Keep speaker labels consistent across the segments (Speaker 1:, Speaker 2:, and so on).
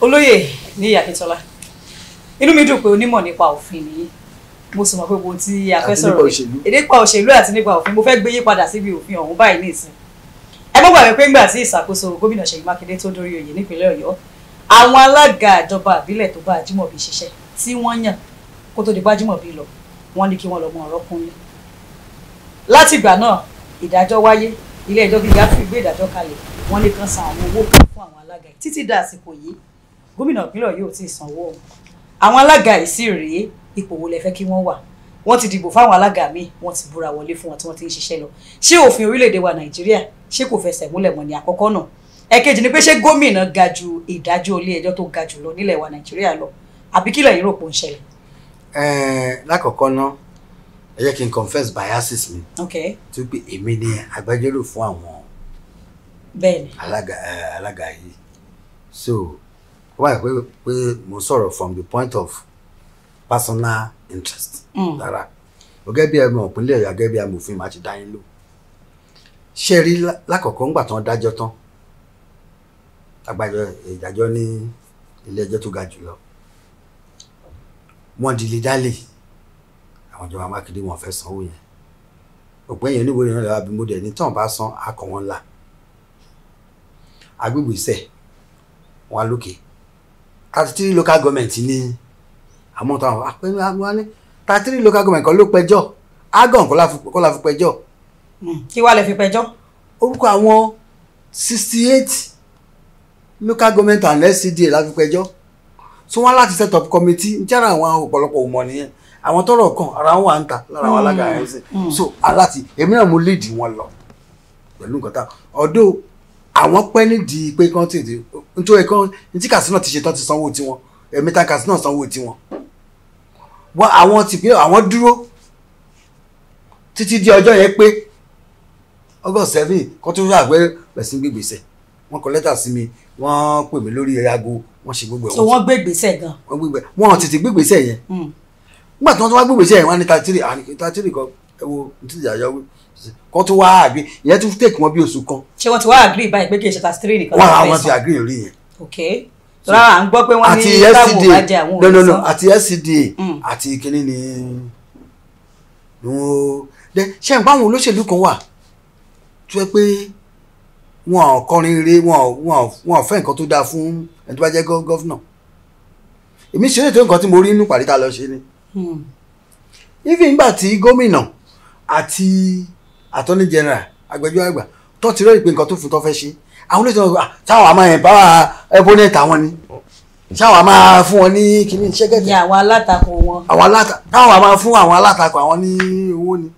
Speaker 1: olóyè ní Akíntọ́lá inú mi dùn pé onímọ̀ nípa òfin nìyí mo sì mọ̀ pé gbogbo tí a fẹ́ sọ̀rọ̀ èdè nípa òṣèlú àti nípa òfin mo fẹ́ gbé yí padà síbi òfin ọ̀hún báyìí nìsín ẹ mọ́ gbàgbé pé ńgbà tí ìṣàkóso gómìnà Ṣèyí Mákindé tó dórí oyè nípínlẹ̀ Ọ̀yọ́ àwọn alága ìjọba àbílẹ̀ tó bá Ajímọ̀bí ṣiṣẹ́ tí wọ́n yàn kó tó di bá Ajímọ̀bí lọ wọ́n ní kí wọ́n lọ mọ ọ̀rọ̀ kúnlẹ̀ látìgbà náà ìdájọ́ wáyé ilé ẹjọ́ gíga fi gbé ìdájọ́ kalẹ̀ wọ́n ní kan san àwọn owó fún àwọn alága títí dá àsìkò yìí gómìnà ìpínlẹ̀ yóò ti sanwó ọ̀hún àwọn alága yìí sì rèé ipò wo lẹ fẹ́ kí wọ́n wà wọ́n ti dìbò fáwọn alága míì wọ́n ti búra wọlé fún wọn tí wọ́n ti ń ṣiṣẹ́ lọ ṣé òfin orílẹ̀-èdè wa nàìjíríà ṣé kò fẹsẹ̀ múlẹ̀ mọ́ ní àkọ́kọ́ náà ẹ̀kejì ni pé ṣé gómìnà ga ju ìdájọ́ ilé ẹjọ́ tó ga jù lọ nílẹ̀ wa nàìjíríà lọ àbí kílẹ̀ yìí rò pé ń ṣẹlẹ̀.
Speaker 2: lákọ̀ọ́kọ́ ná ẹ jẹ́ kí n confess biases mi tó pé èmi ni agbẹjọ́rò fún àwọn alága yìí so Why báyìí pé pé mo sọ̀rọ̀ from the point of personal interest. Mm. rárá gẹ́gẹ́ bí ẹmọ ìpínlẹ̀ ọ̀yọ́ gẹ́gẹ́ bí amòfin màá ti dá yín lò ṣé rí lákọ̀ọ́kọ́ ńgbà tán dájọ́ tán agbájọ ìdájọ́ ní ilé ẹjọ́ tó ga jùlọ wọ́n di lè dálè àwọn ìjọba mákindé wọn fẹ́ sanwó yẹn òpin yẹn oníwèé náà lọ́wọ́ abimodé ẹni tán bá san akọ̀ wọn agbègbè sẹ̀ wọn lókè thirty three local government ní àmọ́ tó àwọn àpẹẹrẹ àwọn ní thirty three local government kan ló pẹjọ́ agan kọ́ la fi pẹjọ́. Hmm. kí wàá lè fi pẹjọ́. orúkọ àwọn sixty eight local government and SCDA la fi pẹjọ́ so wọ́n láti set up committee n jẹ́ra àwọn ọ̀pọ̀lọpọ̀ òmò nìyẹn àwọn tọ́rọ̀ kàn ara wọn à ń tà lára wọn alága ẹ̀ hmm. ń hmm. so aláti èmi náà mo lead wọn lọ pẹ̀lú nǹkan tá ọdún àwọn pẹ́ nídìí pé kán tètè nítorí ẹ̀kan ní tí Katsina ti ṣe tán ti sanwó tiwọn ẹ̀mẹ́ta Katsina sanwó tiwọn wọn àwọn tìpínlẹ̀ àwọn dúró títí di ọjọ́ yẹn pé August seven kan tó pẹ̀sìn gbègbèsẹ̀ wọn kọ lẹ́tà sí mi wọ́n pè mí lórí aago wọ́n ṣe gbogbo ẹ̀. so wọ́n gbègbèsẹ̀ gan. wọ́n gbègbèsẹ̀ wọ́n gbègbèsẹ̀ yẹn hmm. nígbà tí wọ́n tún wá gbègbèsẹ̀ yẹn wọ́n ní tatiri àní tatiri kan ẹ wo tí ìyáyọ wí kó tó wá àgbé ìyẹn tún tèkì wọn bí oṣù kan.
Speaker 1: ṣé wọn ti wá àgbé báyìí pé kí n ṣe thirty three nìkan. wọn àwọn ti àgbé rí yẹn. ok rárá à ń gbọ́ pé wọ́n ní táwọn bá jẹ àwọn òṣìṣẹ́. no no
Speaker 2: no àti SCDA mm. àti kínní ni wọn ṣe ń báwọn olóṣèlú kan wà tó yẹ pé wọn ò kọrin eré wọn ò fẹ́ nǹkan tó dáa fún ẹni tó bá jẹ́ gọ́fúnà èmi ṣe ètò nǹkan tí mo rí nínú pàdé a lọ ṣe ni. Hmm. even nígbà tí gómìnà àti attorney general agbẹjọ́ àgbà tó ti rẹ́ ìpè nǹkan tó fún tó fẹ́ ṣe àwọn olóòtú náà ṣáà wàá máa ẹ̀ bá ẹbọnẹ̀tì àwọn ni ṣáà wàá fún wọn ní kíní iṣẹ́ gẹ́gẹ́. ní àwọn alátakò wọn. táwọn wàá fún àwọn alátakò àwọn ní owó ni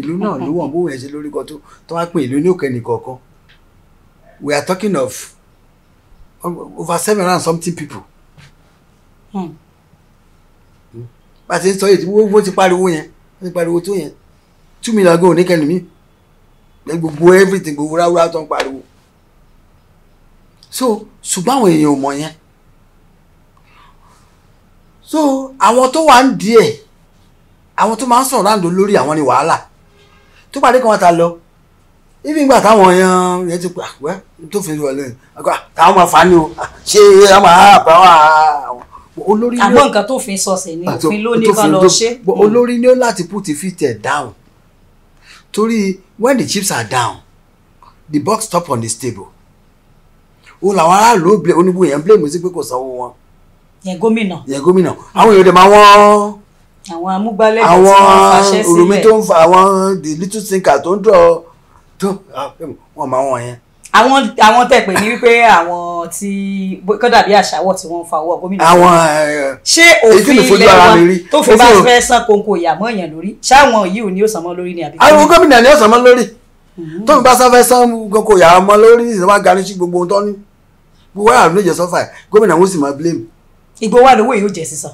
Speaker 2: ìlú náà ló wọ̀n bóun ẹ̀ ṣe lórúkọ tó tó wá pé ìlú ní òkè nìkọ̀ọ̀kan we are talking of over seven and something people. Hmm. bá a ti ń sọ èyí tí wọ́n ti pariwo yẹn wọ́n ti pariwo tó yẹn two million ago ní kẹlẹ̀ mi ẹ gbogbo everything gbogbo ráúráú tó ń pariwo so ṣùgbọ́n àwọn èèyàn ò mọ̀ yẹn so àwọn tó wà ń díẹ̀ àwọn tó máa ń sọ̀rọ̀ láǹdó lórí àwọn ni wàhálà tó pàdé kan wá ta lọ ibi ìgbà táwọn èèyàn yẹn ti pè àpẹ ah, tó fi wọlé ah, táwọn máa fà á ní o ah, ṣé àwọn àbá àwọn olórí ni ó àmọ́ nǹkan
Speaker 1: tó fi sọ sí ni òfin ló ní bá lọ ṣe.
Speaker 2: olórí ni ó láti put the feet down torí when the chips are down the box stop on the stable o làwọn aráàlú ó blame oníbù yẹn blame sí pé kò sanwó wọn. yẹn gómìnà. yẹn gómìnà àwọn èèyàn dẹ̀ máa wọ́n.
Speaker 1: àwọn amúgbálẹ́gbẹ̀ẹ́ tí wọ́n fàṣẹ sílẹ̀ àwọn òrùmí tó
Speaker 2: ń fa àwọn the little thinker tó ń dọ̀ tó ah, wọ́n máa wọ̀n
Speaker 1: àwọn àwọn tẹ̀ pé ní wípé àwọn tí kọ́dà bí àṣàwọ̀ tí wọ́n ń fa owó gómìnà. àwọn ṣé òfin ilé wọn tó fi bá fẹ́ san kóńkó ìyàmọ́ èèyàn lórí ṣáwọn yìí ò ní òsàn mọ́ lórí ni àbí. àwọn
Speaker 2: gómìnà ni òsàn mọ́ lórí hmm. tó fi bá sáfẹ́ san kóńkó ìyàmọ́ lórí ìjọba gani sí gbogbo ohun tó ní gbogbo wàhálà ló jẹ sọfà ẹ gómìnà wọn sì máa blame. ìgbó wà lówó yóò jẹ sísan.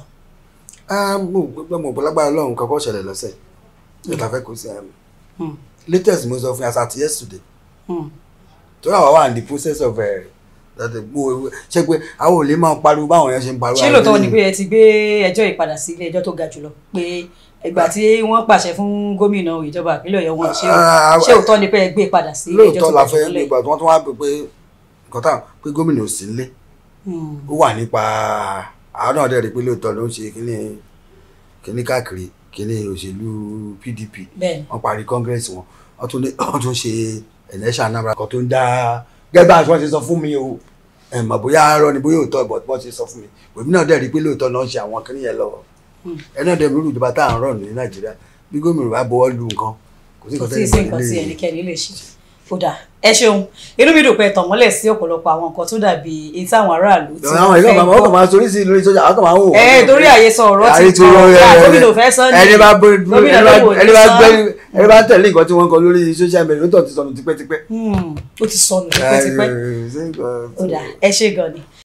Speaker 2: Ah, mo yesterday. Hmm torí àwa wà ní the process of ṣe eh, pé àwọn ò lè máa pariwo báwọn yẹn ṣe ń pariwo. ṣé lóòótọ́ ni pé
Speaker 1: ẹ ti gbé ẹjọ́ ìpadà sí ilé ẹjọ́ tó ga jùlọ pé ìgbà tí wọ́n pàṣẹ fún gómìnà ìjọba ìpínlẹ̀ ọ̀yọ́ wọn ah, ah, ah, ṣé òótọ́ ni pé ẹ gbé padà sí ilé ẹjọ́ tó ga jùlọ. lóòótọ́ la fẹ́ gbé
Speaker 2: ìgbà tí wọ́n tún wá pé pé nǹkan táwọn pé gómìnà ò sí nílé hmm. ó wà nípa àwọn náà dẹ̀ rí pé lóòótọ́ ló ń ṣe kíní kíní káàkiri kíní òṣèlú PDP wọ́n parí congress wọn wọ́n tún ṣe ẹlẹ́ṣà Anambra kan tó ń dá gẹ́gẹ́ bá aṣọ ti sọ fún mi o ẹ̀mọ̀ bóyá arọ́ ni bóyá òótọ́ ìbọ̀ bọ́ ti sọ fún mi òbí náà dẹ̀ rí pé lóòótọ́ náà ń ṣe àwọn kiri yẹn lọ́wọ́ ẹ náà dẹ̀ rúrù ìjọba tá à ń rọ̀ ní Nàìjíríà bí gómìnà bá bọwọ́ lu nǹkan
Speaker 1: kò sí nǹkan tẹ́lẹ̀ kódà ẹ ṣeun inú mi dùn pé tọ̀mọ́lẹ̀ sí ọ̀pọ̀lọpọ̀ àwọn nǹkan tó dàbí èyí táwọn aráàlú ti fẹ́ gbọ́. àwọn ìlànà àwọn ọkọ̀
Speaker 2: máa sọ oríṣi lórí sọ́jà àwọn ọkọ̀ máa ń wò. ẹ torí àyesọ ọ̀rọ̀ ti kọ́ gómìnà fẹ́ sọ ní ẹni bá ẹni bá tẹ̀lé nǹkan tí wọ́n ń kọ lórí social media lóòótọ́ ti sọnù tipẹ́tipẹ́. Hmm, ó ti sọnù tipẹ́tipẹ́
Speaker 1: ẹ ṣe gan ni.